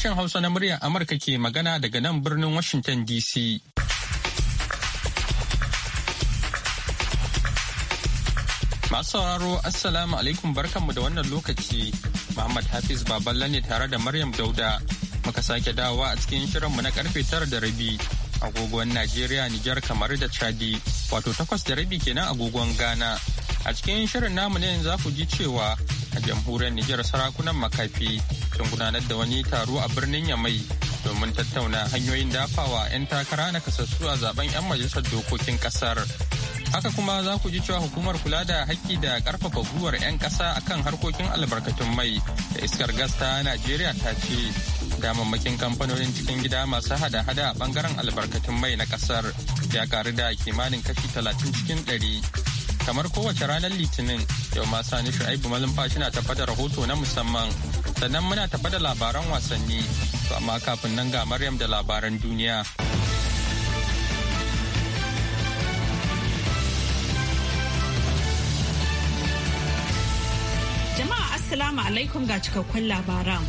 Sashen Hausa na muryar Amurka ke magana daga nan birnin Washington DC. Masu sauraro Assalamu alaikum barkanmu da wannan lokaci. Muhammad Hafiz Baballa ne tare da Maryam Dauda. Muka sake dawowa a cikin shirinmu na karfe tara da rabi. Agogon Najeriya, Nijar, kamar da Chadi, wato takwas da rabi kenan agogon Ghana. A cikin shirin namu ne za ku ji cewa a jamhuriyar Nijar sarakunan makafi sun gudanar da wani taro a birnin Yamai domin tattauna hanyoyin dafawa 'yan takara na kasassu a zaben 'yan majalisar dokokin kasar. Haka kuma za ku ji cewa hukumar kula da haƙƙi da ƙarfafa gwiwar 'yan ƙasa a kan harkokin albarkatun mai da iskar gas ta Najeriya ta ce damammakin kamfanonin cikin gida masu hada-hada a ɓangaren albarkatun mai na ƙasar ya ƙaru da kimanin kashi talatin cikin ɗari. kamar kowace ranar litinin yau ma sani shu'aibu shi na tafa da rahoto na musamman sannan muna tafa da labaran wasanni to amma kafin nan ga maryam da labaran duniya jama'a assalamu alaikum ga cikakkun labaran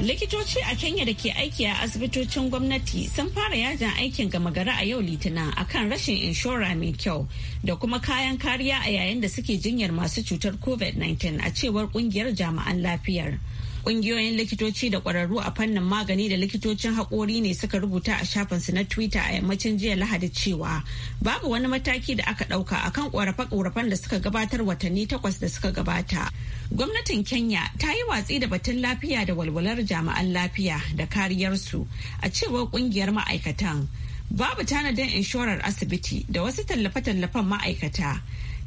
likitoci a kenya da ke aiki a asibitocin gwamnati sun fara yajin aikin gama gari a yau litinin akan rashin inshora mai kyau da kuma kayan kariya a yayin da suke jinyar masu cutar covid-19 a cewar kungiyar jami'an lafiyar Ƙungiyoyin likitoci da ƙwararru a fannin magani da likitocin haƙori ne suka rubuta a shafin su na Twitter a yammacin jiya Lahadi cewa babu wani mataki da aka ɗauka akan ƙorafe-ƙorafen da suka gabatar watanni takwas da suka gabata. Gwamnatin Kenya ta yi watsi da batun lafiya da walwalar jami'an lafiya da kariyarsu a cewar ƙungiyar ma'aikatan. Babu tanadin inshorar asibiti da wasu tallafe-tallafen ma'aikata.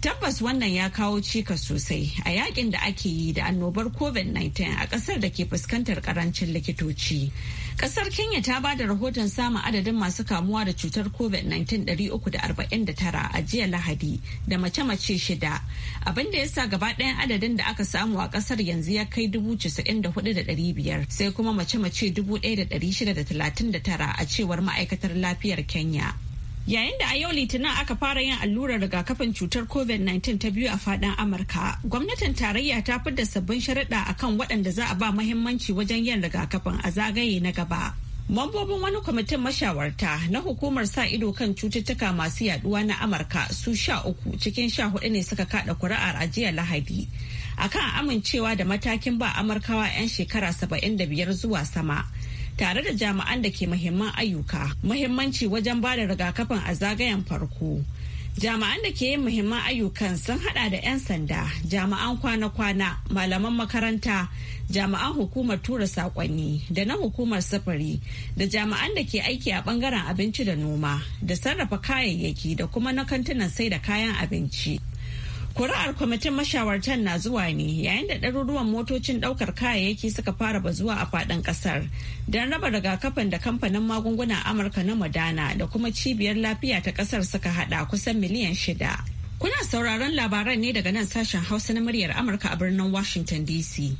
Tabbas wannan ya kawo cika sosai a yakin da ake yi da annobar COVID-19 a kasar da ke fuskantar karancin likitoci. Kasar Kenya ta ba da rahoton samun adadin masu kamuwa da cutar COVID-19 349 a jiya Lahadi da mace-mace shida. Abin da ya sa gaba ɗayan adadin da aka samu a kasar yanzu ya kai 94,500 sai kuma mace-mace 1,639 a cewar ma'aikatar lafiyar Kenya. Yayin da a yau Litinin aka fara yin allurar rigakafin cutar COVID-19 ta biyu a fadin Amurka, gwamnatin tarayya ta fi da sabbin sharaɗa akan waɗanda za a ba mahimmanci wajen yin rigakafin a zagaye na gaba. Mambobin wani kwamitin mashawarta na hukumar sa ido kan cututtuka masu yaduwa na Amurka su sha uku cikin sha hudu ne suka kada kuri'ar ajiya Lahadi. akan amincewa da matakin ba Amurkawa 'yan shekara saba'in da biyar zuwa sama. tare da jami'an da ke muhimman ayyuka muhimmanci wajen ba da rigakafin a zagayen farko jami'an da ke yin muhimman ayyukan sun hada da 'yan sanda jami'an kwana-kwana malaman makaranta jami'an hukumar tura sakonni da na hukumar sufuri da jami'an da ke aiki a bangaren abinci da noma da sarrafa kayayyaki da kuma na kantunan sai da kayan abinci Kuri'ar kwamitin mashawartan na zuwa ne yayin da ɗaruruwan motocin ɗaukar kayayyaki suka fara ba zuwa a faɗin ƙasar don raba rigakafin da kamfanin magungunan Amurka na Madana da kuma cibiyar lafiya ta ƙasar suka haɗa kusan miliyan shida. Kuna sauraron labaran ne daga nan sashen Hausa na muryar Amurka a birnin Washington DC.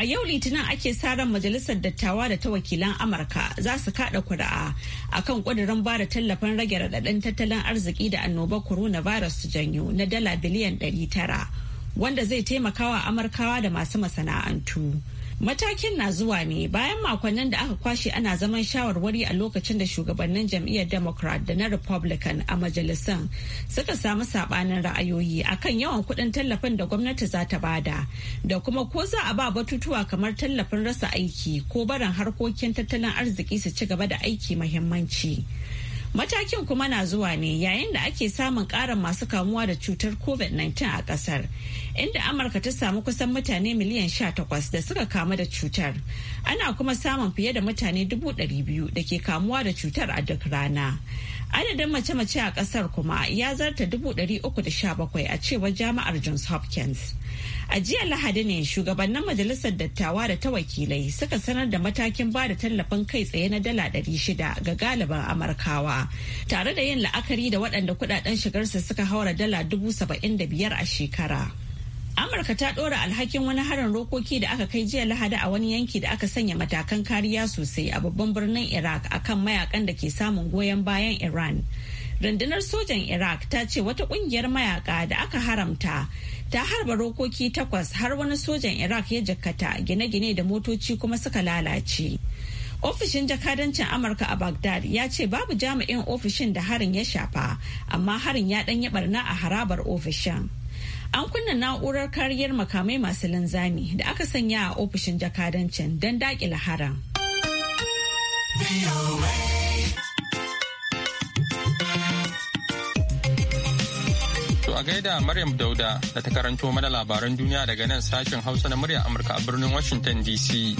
A yau Litinin ake sa ran Majalisar Dattawa da ta wakilan Amurka za su kada kuri'a akan kudirin ba da tallafin rage radadin tattalin arziki da annobar coronavirus su janyo na dala biliyan 900 wanda zai taimakawa Amurkawa da masu masana'antu. Matakin na zuwa ne bayan makonnin da aka kwashe ana zaman shawarwari a lokacin da shugabannin jam'iyyar Democrat da na Republican a majalisan suka samu sabanin ra'ayoyi akan yawan kuɗin tallafin da gwamnati za ta bada da kuma ko za a ba batutuwa kamar tallafin rasa aiki ko barin harkokin tattalin arziki su ci gaba da aiki muhimmanci. Matakin kuma na zuwa ne yayin da ake samun ƙarin masu kamuwa da cutar COVID-19 a ƙasar, inda Amurka ta samu kusan mutane miliyan 18 da suka kamu da cutar. Ana kuma samun fiye da mutane 200,000 da ke kamuwa da cutar a duk rana. Adadin mace-mace a kasar kuma ya zarta 317 a cewar jami'ar Johns Hopkins. A jiya Lahadi ne shugabannin majalisar dattawa da ta wakilai suka sanar da matakin ba da tallafin kai tsaye na dala 600 ga galibin Amurkawa, tare da yin la'akari da waɗanda kudaden shigarsa suka haura dala 75,000 a shekara. amurka ta ɗora alhakin wani harin rokoki da aka kai jiya lahadi a wani yanki da aka sanya matakan kariya sosai a babban birnin iraq akan mayakan da ke samun goyon bayan iran rundunar sojan iraq ta ce wata ƙungiyar mayaka da aka haramta ta harba rokoki takwas har wani sojan iraq ya jakkata gine-gine da motoci kuma suka lalace ofishin jakadancin amurka a baghdad ya ce babu jami'in ofishin da harin ya shafa amma harin ya ɗanyi barna a harabar ofishin An kunna na'urar kariyar makamai masu linzami da aka sanya a ofishin jakadancin don daƙile haram. To a gaida Maryam Dauda da ta karanto mana labaran duniya daga nan sashen Hausa na murya Amurka a birnin Washington DC.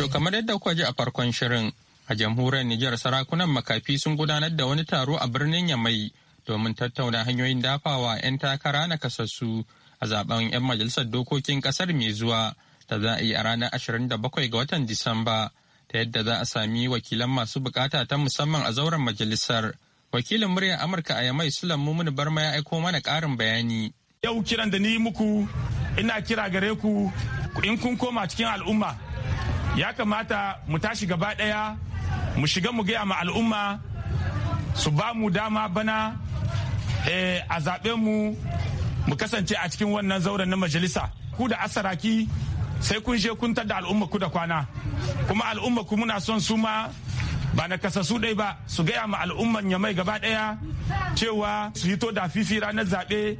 To kamar yadda kuka ji a farkon shirin a jamhuriyar Nijar sarakunan makafi sun gudanar da wani taro a birnin Yamai domin tattauna hanyoyin dafawa 'yan takara na kasassu a zaben 'yan majalisar dokokin kasar mai zuwa da za a yi a ranar 27 ga watan Disamba ta yadda za a sami wakilan masu bukata ta musamman a zauren majalisar. Wakilin muryar Amurka a Yamai Sulan Mumun Barma ya aiko mana karin bayani. Yau kiran da ni muku ina kira gare ku in kun koma cikin al'umma ya kamata mu tashi gaba ɗaya mu shiga mu gaya ma al'umma su ba mu dama bana Eh, a zaɓe mu mu kasance a cikin wannan zauren na majalisa ku da asaraki sai kun je kun da al'umma ku da kwana kuma al'umma ku muna son su ma ba na su ɗai ba su gaya ma al'umman ya mai gaba ɗaya cewa su yi to da fifi ranar zaɓe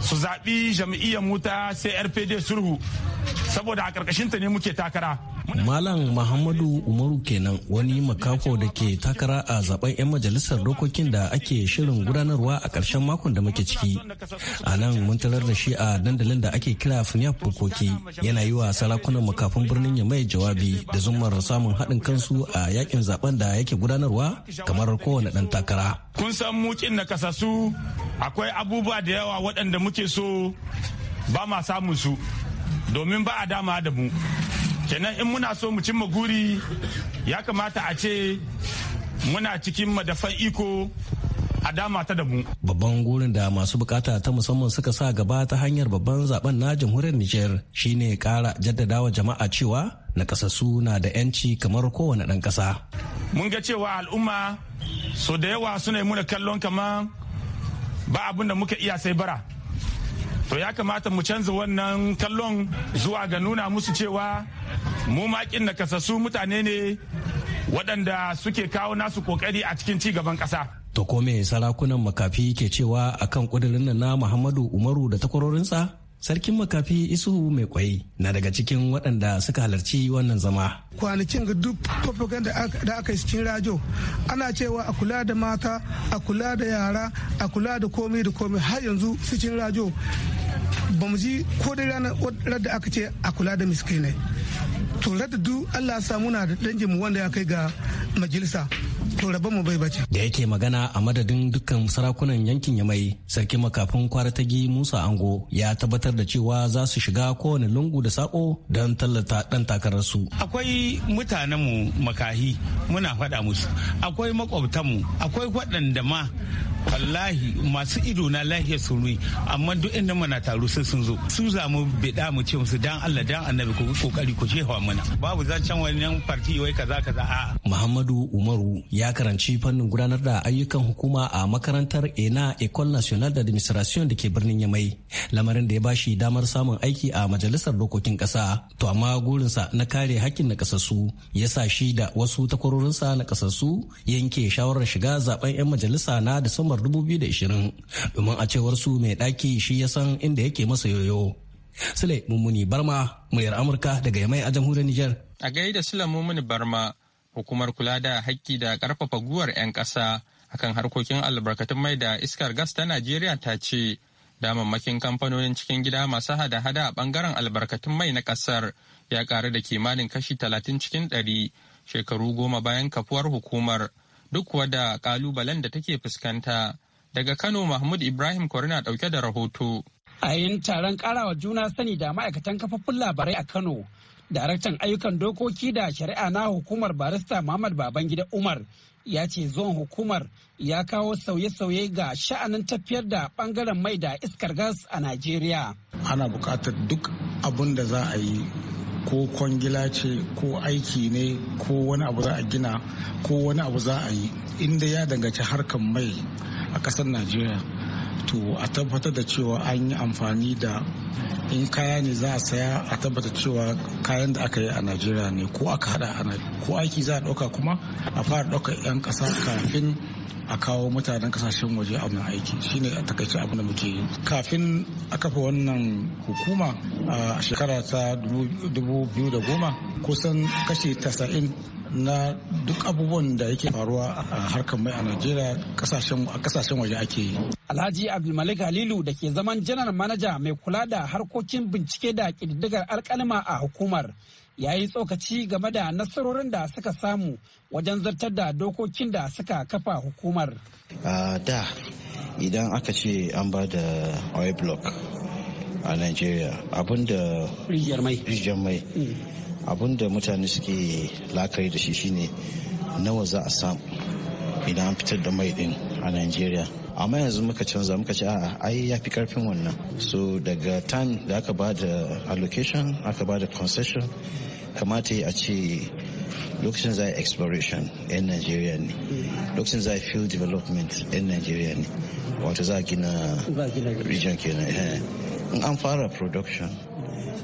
su zaɓi jam'iyyar muta sai rpd sulhu saboda a ƙarƙashinta ne muke takara Malam Muhammadu Umaru kenan wani makafo da ke takara a zaben 'yan majalisar dokokin da ake shirin gudanarwa a ƙarshen makon da muke ciki. A nan mun tarar da shi a dandalin da ake kira Funyap Bukoki yana yi wa sarakunan makafin birnin ya mai jawabi da zumar samun haɗin kansu a yakin zaben da yake gudanarwa kamar kowane ɗan takara. Kun san mukin na kasasu akwai abubuwa da yawa waɗanda muke so ba ma samun su domin ba a dama da mu. kenan in muna so mu cimma guri ya kamata a ce muna cikin madafan iko a dama ta da mu. Babban gurin da masu bukata ta musamman suka sa gaba ta hanyar babban zaben na jamhuriyar Nijar shine kara jaddadawa jama'a cewa na kasa na da 'yanci kamar kowane ɗan ƙasa. Mun ga cewa al'umma so da yawa suna yi muna kallon kamar ba abin da muka iya sai bara. to ya kamata mu canza wannan kallon zuwa ga nuna musu cewa mu makin na kasassu mutane ne waɗanda suke kawo nasu kokari a cikin ci gaban ƙasa. To ko sarakunan makafi ke cewa akan kudirin na Muhammadu Umaru da takwarorinsa? Sarkin makafi Isuhu mai kwai na daga cikin waɗanda suka halarci wannan zama. Kwanakin ga duk propaganda da aka yi cikin rajo ana cewa a kula da mata, a kula da yara, a kula da komai da komai har yanzu cikin rajo ba mu ji ko dai ranar da aka ce a kula da miskinai. To da duk Allah samu na da dangin mu wanda ya kai ga majalisa to rabon mu bai bace da yake magana a madadin dukkan sarakunan yankin yamai sarki makafin kwaratagi musa ango ya tabbatar da cewa za su shiga kowane lungu da sako don tallata dan su. akwai mutanenmu makahi muna faɗa musu akwai makwabtanmu akwai waɗanda ma wallahi masu ido na lahiyar sun amma duk inda mana taro sai sun zo su zamu bida mu ce musu dan Allah dan annabi ku kokari ku jefa mana babu zancen wannan farti wai kaza kaza a Muhammadu Umaru ya karanci fannin gudanar da ayyukan hukuma a makarantar ENA Ecole Nationale d'Administration da ke birnin Yamai lamarin da ya bashi damar samun aiki a majalisar dokokin kasa to amma gurinsa na kare hakkin na kasassu ya sa shi da wasu takwarorinsa na kasassu yanke shawarar shiga zaben 'yan majalisa na da Disambar 2020 domin a cewar su mai ɗaki shi ya san inda yake masa yoyo. Sule Mummuni Barma, muryar Amurka daga Yamai a jamhuriyar Nijar. A gaida Sule Mummuni Barma, hukumar kula da haƙƙi da ƙarfafa guwar 'yan ƙasa akan harkokin albarkatun mai da iskar gas ta Najeriya ta ce damammakin kamfanonin cikin gida masu hada-hada a bangaren albarkatun mai na ƙasar ya ƙaru da kimanin kashi talatin cikin ɗari shekaru goma bayan kafuwar hukumar duk kuwa da kalubalen da take fuskanta. Daga Kano Mahmud Ibrahim Kwarina ɗauke da rahoto. A yin taron karawa juna sani da ma'aikatan kafafun labarai a Kano, daraktan ayyukan dokoki da shari'a na hukumar barista Muhammad Babangida Umar ya ce zuwan hukumar ya kawo sauye-sauye ga sha'anin tafiyar da bangaren mai da iskar gas a Najeriya. Ana buƙatar duk abun da za a yi ko kwangila ce ko aiki ne ko wani abu za a gina ko wani abu za a yi inda ya danganci harkar mai a ƙasar najeriya to a tabbatar da cewa an yi amfani da in kaya ne za a saya a tabbatar cewa kayan da aka yi a najeriya ne ko aka hada a ko aiki za a dauka kuma a fara dauka yan kasa kafin a kawo mutanen kasashen waje a wannan aiki shine a takaice abin da muke yi kafin a kafa wannan hukuma a shekara ta 2010 kusan kashe 90 na duk abubuwan da yake faruwa a harkar mai a najeriya a kasashen waje ake yi alhaji abdulmalik halilu da ke zaman janar manaja mai kula da harkokin bincike da ƙididdigar alkalima a hukumar ya yi tsokaci game da nasarorin da suka samu wajen zartar da dokokin da suka kafa hukumar da idan aka ce an ba da oil block a nigeria abinda rijiyar mai mm. abin da mutane suke lakari da shi shine nawa za a samu idan an fitar da mai din a Nigeria amma yanzu muka canza muka ce a'a ai ya fi karfin wannan so daga time da aka ba da allocation aka ba da concession kamata a ce lokacin za exploration 'yan Najeriya ne lokacin za field development 'yan Najeriya ne wato za a gina region kenan eh. in an fara production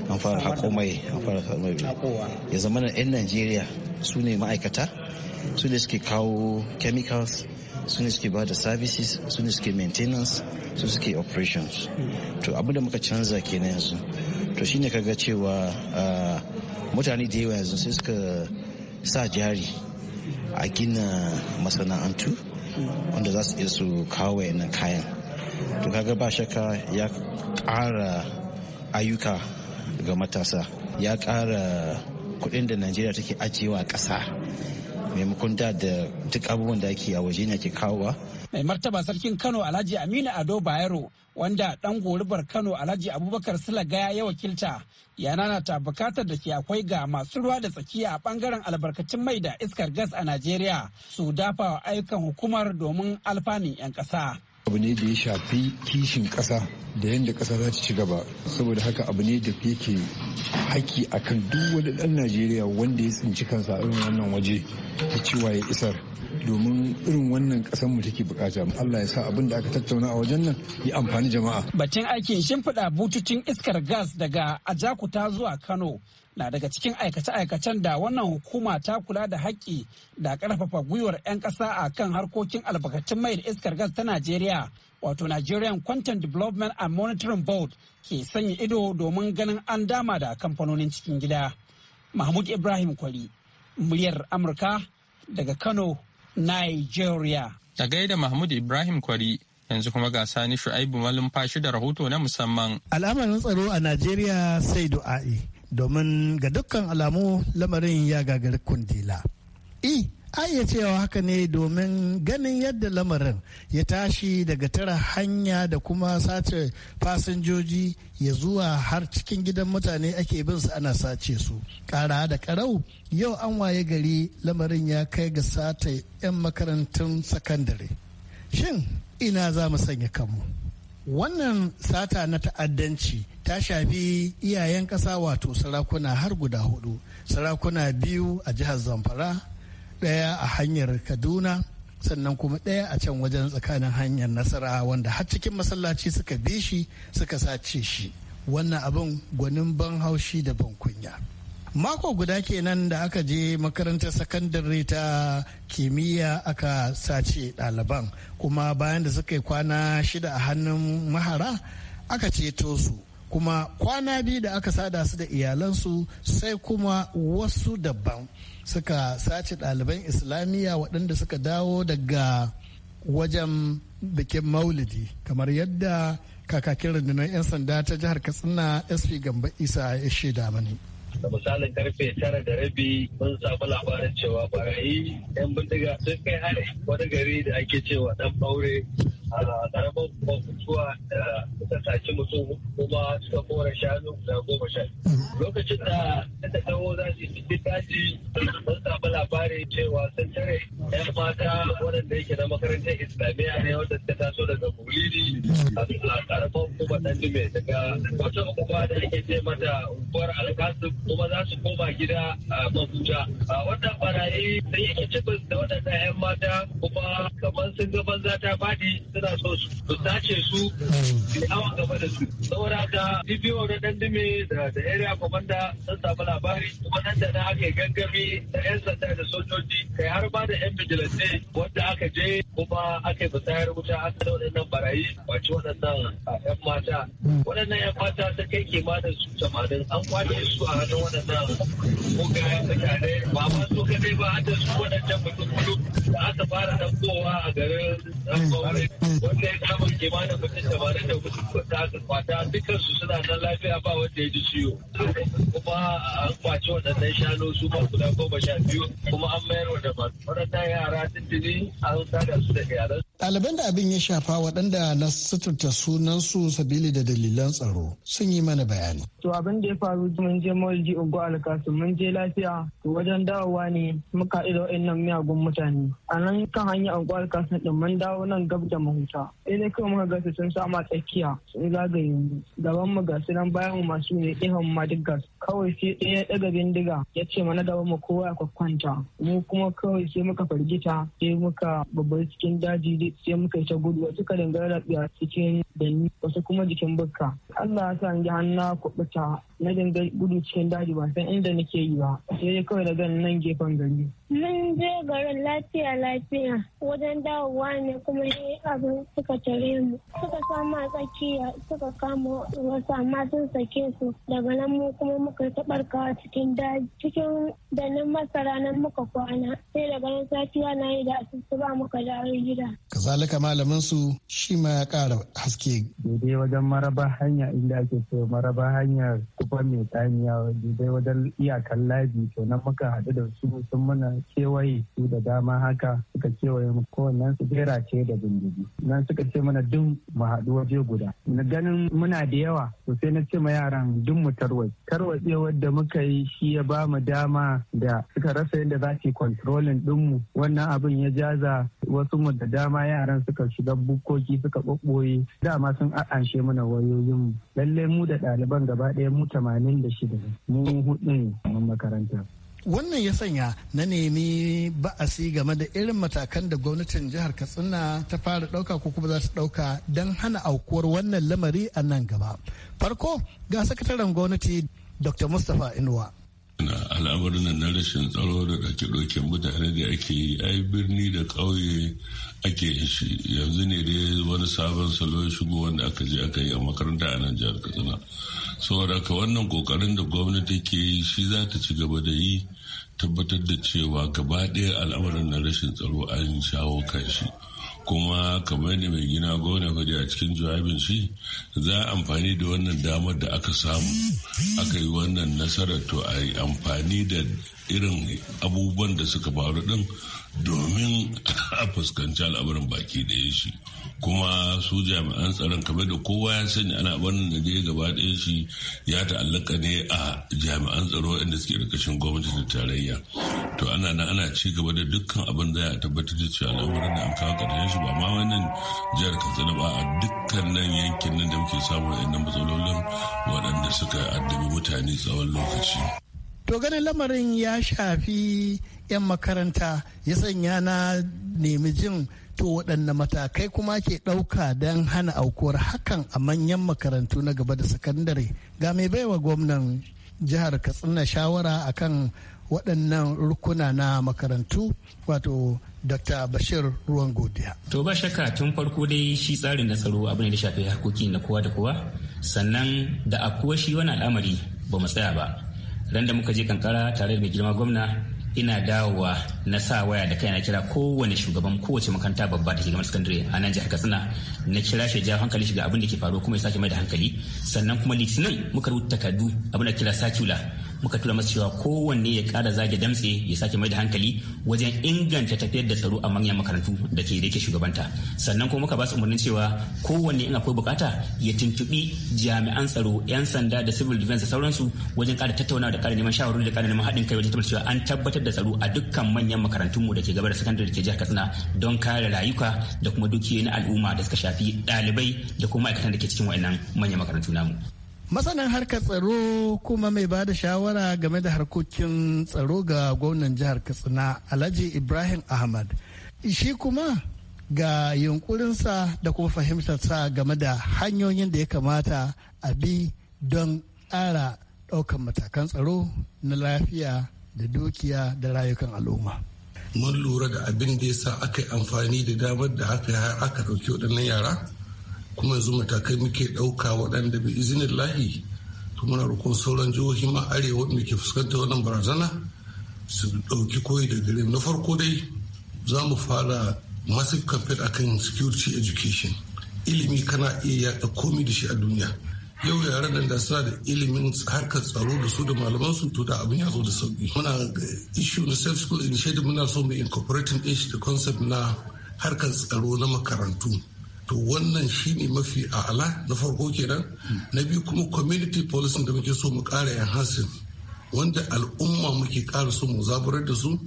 an fara hako mai an fara mai ya zama na 'yan najeriya su ne ma'aikata su ne suke kawo chemicals su ne suke bada services su ne suke maintenance su suke operations hmm. to da muka canza kenan yanzu to shine kaga cewa mutane da yawa yanzu sai suka sa jari a gina masana'antu hmm. wanda za su iya su kawo wayannan kayan to kaga ba shaka ya ƙara ayyuka ga matasa ya ƙara kuɗin da najeriya take ajiyewa ƙasa maimakon da da duk abubuwan da ake a waje ne ke kawowa. mai martaba sarkin kano alhaji aminu ado bayero wanda dan goribar kano alhaji abubakar silagaya ya wakilta ya nanata bukatar da ke akwai ga masu ruwa da tsakiya a bangaren albarkacin mai da iskar gas a najeriya su dafa ayyukan hukumar domin alfanin 'yan ƙasa. abu ne da ya shafi kishin kasa da yadda kasa za ta ci gaba saboda haka abu ne da yake hakki akan duk wani ɗan najeriya wanda ya tsinci kansa a irin wannan waje ta cewa ya isar domin irin wannan ƙasar mu take bukata Allah ya sa abin da aka tattauna a wajen nan ya amfani jama'a batun aikin shimfiɗa bututun iskar gas daga ajakuta zuwa kano na daga cikin aikace-aikacen da wannan hukuma ta kula da haƙƙi da ƙarfafa gwiwar 'yan ƙasa a kan harkokin albarkatun mai da iskar gas ta Najeriya, wato Nigerian Content Development and Monitoring Board ke sanya ido domin ganin an dama da kamfanonin cikin gida. Mahmud Ibrahim Kwari, muryar Amurka daga Kano, Nigeria. Da gaida Mahmud Ibrahim Kwari, yanzu kuma ga sani Shu'aibu Malumfashi da rahoto na musamman. Al'amarin tsaro a Najeriya sai du'a'i. domin ga dukkan alamu lamarin ya gagari kundila. I, iya cewa haka ne domin ganin yadda lamarin ya tashi daga tara hanya da kuma sace fasinjoji ya zuwa har cikin gidan mutane ake bin su ana sace su. Kara da karau yau an waye gari lamarin ya kai ga sata 'yan makarantun sakandare. Shin ina za mu sanya kanmu? wannan sata na ta'addanci ta shafi iyayen ƙasa wato sarakuna har guda hudu sarakuna biyu a jihar zamfara ɗaya a hanyar kaduna sannan kuma ɗaya a can wajen tsakanin hanyar nasara wanda har cikin masallaci suka bi shi suka sace shi wannan abin gwanin ban haushi da ban kunya. mako guda kenan da aka je makarantar sakandare ta kimiyya aka sace ɗaliban kuma bayan da suka yi kwana shida a hannun mahara aka ceto su kuma kwana biyu da aka sada su da iyalansu sai kuma wasu daban suka sace ɗaliban islamiyya waɗanda suka dawo daga wajen bikin maulidi kamar yadda kakakin rundunar 'yan sanda ta jihar katsina sp gamba isa ya shaida mani da misalin karfe tara da rabi mun samu labarin cewa barayi yan bindiga sun kai hari wani gari da ake cewa dan baure ƙaramin bankutuwa da suka saci mutum kuma suka kora shanu da goma sha lokacin da ta dawo za su yi daji sun samu labarin cewa sun tare yan mata waɗanda yake na makarantar islamiyya ne wanda suka taso daga bulidi a ƙaramin kuma ɗan dume daga wata kuma da ake ce mata unguwar alkasim kuma za su koma gida a mabuja wannan barayi sun yi kicibin da waɗanda yan mata kuma kamar sun banza ta fadi suna so su sace su su awon gaba da su saboda ka bibiyo da dan da da area commander sun samu labari kuma nan da na aka gangami da yan sanda da sojoji kai har ba da yan vigilante wanda aka je kuma aka yi wuta aka da waɗannan barayi wace waɗannan yan mata waɗannan yan mata ta kai kimanin su tamanin an kwace su a hannun waɗannan mugayen mutane ba ma su kadai ba a da su waɗannan mutum da aka fara ɗaukowa a garin ɗan Mm. wanda ya kama kimanin mutum da ba da mutum ko ta kwata dukkan su suna nan lafiya ba wanda ya ji ciwo kuma an kwaci waɗannan shanu su ba guda goma sha biyu kuma an mayar wa da ba waɗannan yara tuntuni an sada su da yaran Ɗaliban da abin ya shafa waɗanda na suturta sunansu sabili da dalilan tsaro sun yi mana bayani. To abin da ya faru mun je Molji Ugu Alkasu mun je lafiya to wajen dawowa ne muka da innan miyagun mutane. A nan kan hanyar ugu Alkasu ɗin mun dawo nan gab da mu huta sai dai kawai muka gasa sun sama tsakiya sun zagaye mu gaban mu gasu nan bayan mu masu ne ihon ma duk gas kawai sai ɗaya ɗaga bindiga ya ce mana gaban mu kowa ya kwakwanta mu kuma kawai sai muka fargita sai muka babbar cikin daji sai muka yi ta gudu wasu ka dangara da cikin danni wasu kuma jikin bukka Allah ya sa ni hannu kuɓuta na dangar gudu cikin daji ba san inda nake yi ba sai dai kawai daga nan gefen gari Mun je garin lafiya lafiya wajen dawowa ne kuma ne abin suka tare mu. Suka sama tsakiya suka kama wasu amma sun sake su daga nan mu kuma muka taɓarkawa cikin daji cikin danin masara nan muka kwana sai daga nan safiya na yi da asusu ba muka dawo gida. Kazalika malamin su shi ma ya ƙara haske. Daidai wajen maraba hanya inda ake so maraba hanya kufa mai tsamiya daidai wajen iyakan laji to nan muka haɗu da su sun muna kewaye su da dama haka suka kewaye mu kowannen su jera ce da bindigi nan suka ce mana duk mu haɗu waje guda na ganin muna da yawa to sai na ce ma yaran duk mu tarwai tarwatsewar da muka yi shi ya ba mu dama da suka rasa yadda za su kontrolin ɗinmu wannan abin ya jaza wasu mu da dama yaran suka shiga bukoki suka ɓoɓɓoye dama sun a'anshe mana wayoyinmu lallai mu da ɗaliban gaba ɗaya mu tamanin da shida mu hudu ne makaranta wannan ya sanya na nemi ba'asi game da irin matakan da gwamnatin jihar katsina ta fara ɗauka ko kuma za ta ɗauka don hana aukuwar wannan lamari a nan gaba farko ga sakataren gwamnati dr mustapha inuwa na al'amarin na rashin tsaro da ɗauke-ɗauken mutane da ake yi ai birni da ƙauye ake shi yanzu ne dai wani sabon salo ya shigo wanda aka je aka yi a makaranta a nan jihar katsina saboda ka wannan kokarin da gwamnati ke yi shi za ta ci gaba da yi tabbatar da cewa gaba ɗaya al'amarin na rashin tsaro an shawo kan shi kuma kamar da mai gina gwamnati fadi a cikin jawabin shi za a amfani da wannan damar da aka samu aka yi wannan nasarar to a yi amfani da irin abubuwan da suka faru din domin a fuskanci al'amarin baki ɗaya shi kuma su jami'an tsaron kamar da kowa ya sani ana barin da dai gaba ɗaya shi ya ta'allaka ne a jami'an tsaro inda suke ƙarƙashin gwamnati da tarayya to ana nan ana ci gaba da dukkan abin da ya tabbatar da cewa al'amarin da an kawo ƙarshen shi ba ma wannan jihar katsina ba a dukkan nan yankin nan da muke samun waɗannan matsalolin waɗanda suka addabi mutane tsawon lokaci. to ganin lamarin ya shafi 'yan makaranta ya sanya na nemi jin to waɗanne matakai kuma ke ɗauka don hana aukuwar hakan a manyan makarantu na gaba da sakandare ga mai baiwa gwamnan jihar katsina shawara akan waɗannan rukuna na makarantu wato dr bashir ruwan godiya to ba shakka tun farko dai shi tsarin na tsaro abu ne da shafi harkoki na kowa da kowa sannan da akuwa shi wani al'amari ba mu tsaya ba ran da muka je kankara tare da mai girma gwamna ina dawowa na sa waya da kai na kira kowane shugaban kowace makaranta babba da ke gamar sakandare a nan jihar katsina na kira shi ja hankali shiga abin da ke faru kuma ya sake mai da hankali sannan kuma litinin muka rubuta takardu abin da kira sakula muka tura masu cewa kowanne ya kara zage damtse ya sake mai da hankali wajen inganta tafiyar da tsaro a manyan makarantu da ke da ke shugabanta sannan kuma muka ba su umarnin cewa kowanne in akwai bukata ya tuntubi jami'an tsaro yan sanda da civil defense da sauransu wajen kara tattaunawa da kara neman shawarwari da kara neman haɗin kai wajen tabbatar cewa an tabbatar da tsaro a dukkan manyan makarantun mu da ke gaba da sakandare da ke jihar Katsina don kare rayuka da kuma dukiyoyi na al'umma da suka shafi ɗalibai da kuma ma'aikatan da ke cikin wa'annan manyan makarantu namu. masanin harkar tsaro kuma mai ba da shawara game da harkokin tsaro ga gwamnan jihar katsina alhaji ibrahim ahmad shi kuma ga yunkurinsa da kuma fahimtarsa game da hanyoyin da ya kamata a bi don ƙara ɗaukan matakan tsaro na lafiya da dukiya da rayukan al'umma mun lura da abin da ya sa aka yi amfani da damar da aka yi aka ɗauki waɗannan yara kuma yanzu matakai muke ɗauka waɗanda bi izinin lahi to muna roƙon sauran jihohi ma arewa waɗanda ke fuskantar wannan barazana su ɗauki koyi da gare na farko dai za mu fara kamfen a akan security education ilimi kana iya yaɗa komi da shi a duniya yau yaran nan da suna da ilimin harkar tsaro da su da malaman su to da abin ya zo da sauki muna issue na self school initiative muna so mu incorporating din da concept na harkar tsaro na makarantu to wannan shine mafi a'ala na farko kenan na biyu kuma community policing da muke so mu ƙara hasin, wanda al'umma muke kara so mu zaburar da su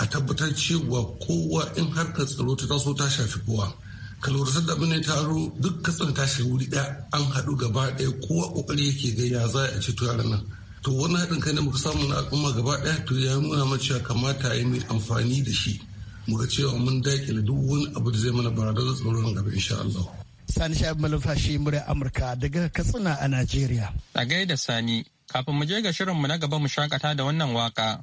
a tabbatar cewa kowa in harkar tsaro ta taso ta shafi kowa kalwar lura da abin taro duk katsan shi wuri ɗaya an haɗu gaba ɗaya kowa ƙoƙari yake ga ya za a ci yaran nan to wani haɗin kai da muka samu na al'umma gaba ɗaya to ya nuna mana cewa kamata a yi mai amfani da shi muka cewa mun dakile duk wani abu da zai mana barazana tsoron gaba insha Allah. Sani Shabi Malumfashi murya Amurka daga Katsina a Najeriya. A gaida Sani, kafin mu je ga mu na gaba mu shakata da wannan waka.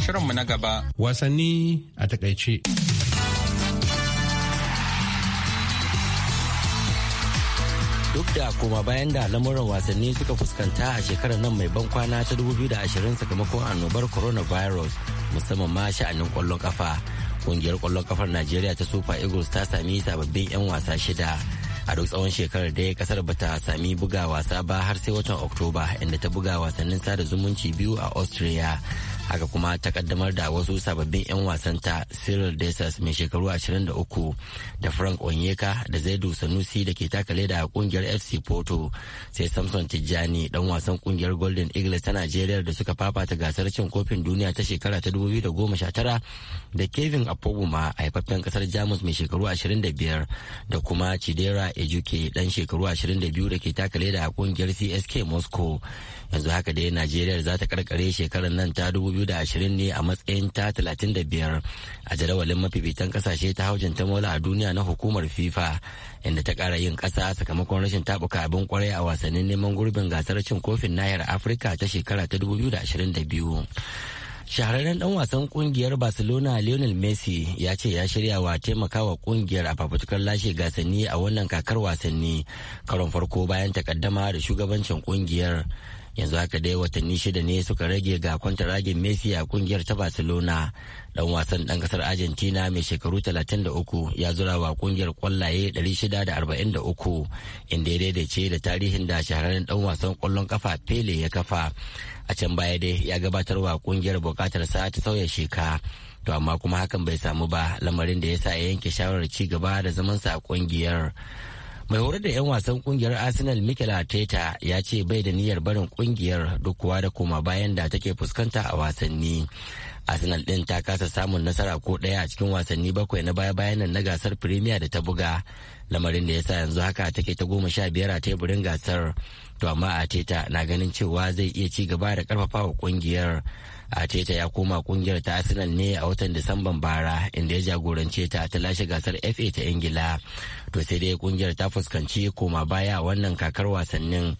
shirinmu na gaba. Wasanni a takaice. Duk da kuma bayan da lamuran wasanni suka fuskanta a shekarar nan mai ban kwana ta 2020 sakamakon annobar coronavirus musamman ma sha'anin kwallon kafa. Kungiyar kwallon kafar Najeriya ta Super Eagles ta sami sababbin 'yan wasa shida. a duk tsawon shekarar da kasar bata sami buga wasa ba har sai watan oktoba inda ta buga wasannin sada zumunci biyu a austria haka kuma ta kaddamar da wasu sababbin 'yan wasan ta cyril desas mai shekaru 23 da frank onyeka da zaidu sanusi da ke takale a kungiyar fc porto sai samson tijjani dan wasan kungiyar golden eagles ta nigeria da suka fafata gasar cin kofin duniya ta shekara ta 2019 da kevin apoguma a haifaffen kasar jamus mai shekaru 25 da kuma chidera ejuke dan shekaru 22 da ke takale da kungiyar csk moscow yanzu haka dai nigeria za ta karkare shekarar nan ta 2019 2020 ne a matsayin ta 35 a jadawalin mafifitan kasashe ta haujin ta mola a duniya na hukumar fifa inda ta kara yin kasa sakamakon rashin tabuka abin kwarai a wasannin neman gurbin gasar cin kofin nahiyar afirka ta shekara ta 2022 shahararren dan wasan kungiyar barcelona lionel messi ya ce ya shirya wa taimakawa kungiyar a fafutukar lashe gasanni a wannan kakar wasanni karon farko bayan takaddama da shugabancin kungiyar yanzu haka dai watanni shida ne suka rage ga ragin messi a kungiyar ta barcelona dan wasan dan kasar argentina mai shekaru 33 ya zura wa kungiyar kwallaye 643 inda ya daidaice da tarihin da shahararren dan wasan kwallon kafa pele ya kafa a can baya dai ya gabatar wa kungiyar bukatar sa ta sauya sheka to amma kuma hakan bai samu ba lamarin da ya sa ya yanke shawarar ci gaba da zamansa a kungiyar mai horar da 'yan wasan kungiyar arsenal mikel arteta ya ce bai da niyyar barin kungiyar duk kuwa da koma bayan da take fuskanta a wasanni arsenal din ta kasa samun nasara ko ɗaya a cikin wasanni bakwai na baya bayan na gasar premier da ta buga lamarin da ya sa yanzu haka take ta goma sha biyar a teburin gasar to amma arteta na ganin cewa zai iya ci gaba da wa kungiyar Ateta ya koma kungiyar ta Arsenal ne a watan Disamban bara inda ya jagorance ta ta lashe gasar FA ta Ingila. To sai dai kungiyar ta fuskanci koma baya wannan kakar wasannin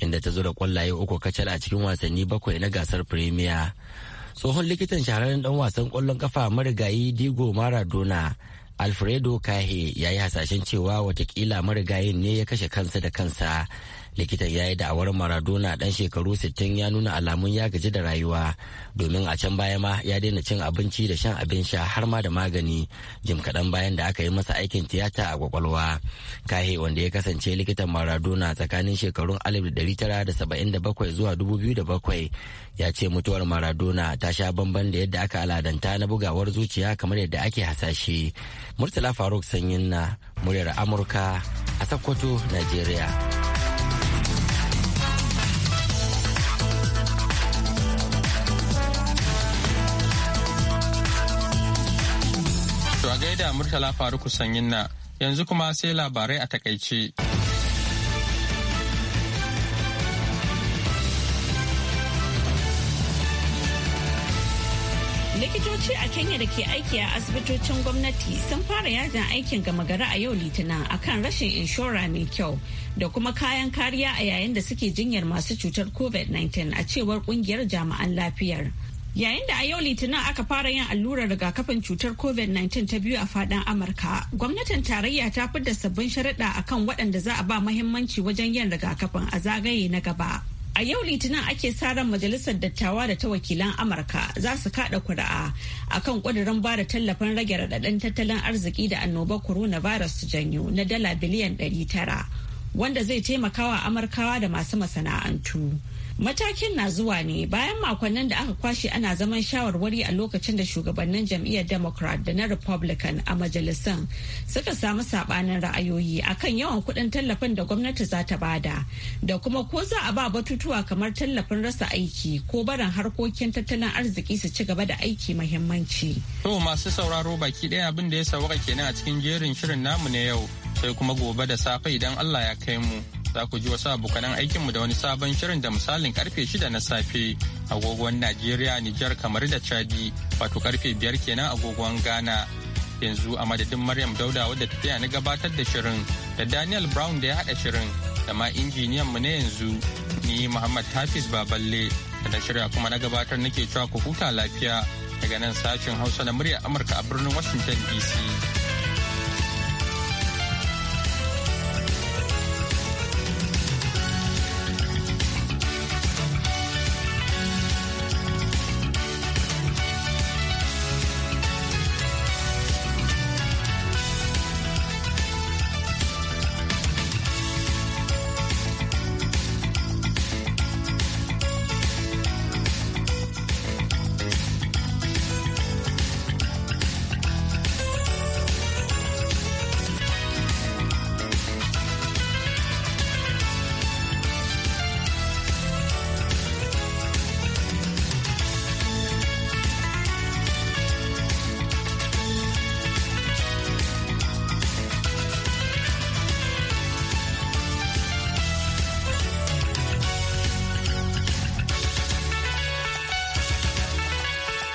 inda ta zo da kwallaye uku kacal a cikin wasanni bakwai na gasar Premier. Tsohon likitan shahararren dan wasan kwallon kafa marigayi Diego Maradona Alfredo Kahe ya yi hasashen cewa watakila marigayin ne ya kashe kansa da kansa likitan ya yi da'awar maradona dan shekaru 60 ya nuna alamun ya gaji da rayuwa domin a can baya ma ya daina cin abinci da shan abin sha har ma da magani jim kaɗan bayan da aka yi masa aikin tiyata a kwakwalwa kahe wanda ya kasance likitan maradona tsakanin shekarun 1977 zuwa 2007 ya ce mutuwar maradona ta sha bamban da yadda aka aladanta na bugawar zuciya kamar yadda ake hasashe murtala faruk sanyin na muryar amurka a sokoto nigeria da Murtala Faruku Sanyin na yanzu kuma sai labarai a takaice. likitoci a kenya da ke aiki a asibitocin gwamnati sun fara yajin aikin gama gari a yau litinin akan rashin inshora mai kyau da kuma kayan kariya a yayin da suke jinyar masu cutar covid-19 a cewar kungiyar jami'an lafiyar Yayin da a yau Litinin aka fara yin allurar rigakafin cutar COVID-19 ta biyu a fadin Amurka, gwamnatin tarayya ta fi da sabbin sharaɗa kan waɗanda za a ba mahimmanci wajen yin rigakafin a zagaye na gaba. A yau Litinin ake sa ran Majalisar Dattawa da ta wakilan Amurka za su kaɗa kuri'a kan ƙudurin ba da tallafin rage raɗaɗin tattalin arziki da annobar coronavirus su janyo na dala biliyan ɗari tara, wanda zai taimakawa Amurkawa da masu masana'antu. Matakin na zuwa ne bayan makonnin da aka kwashe ana zaman shawarwari a lokacin da shugabannin jam'iyyar Democrat da na Republican a majalisan suka samu sabanin ra'ayoyi akan yawan kuɗin tallafin da gwamnati za ta bada da kuma ko za a ba batutuwa kamar tallafin rasa aiki ko barin harkokin tattalin arziki su ci gaba da aiki mahimmanci. To masu sauraro baki ɗaya abin da ya sauka kenan a cikin jerin shirin namu na yau sai kuma gobe da safe idan Allah ya kai mu. za ku ji wasu abokanan aikinmu da wani sabon shirin da misalin karfe 6 na safe agogon Najeriya, Nijar, kamar da Chadi, wato karfe 5 kenan agogon Ghana. Yanzu a madadin Maryam Dauda wadda ta taya na gabatar da shirin da Daniel Brown da ya haɗa shirin da ma injiniyan mu na yanzu ni Muhammad Hafiz Baballe da shirya kuma na gabatar nake cewa ku huta lafiya daga nan sashen Hausa na muryar Amurka a birnin Washington DC.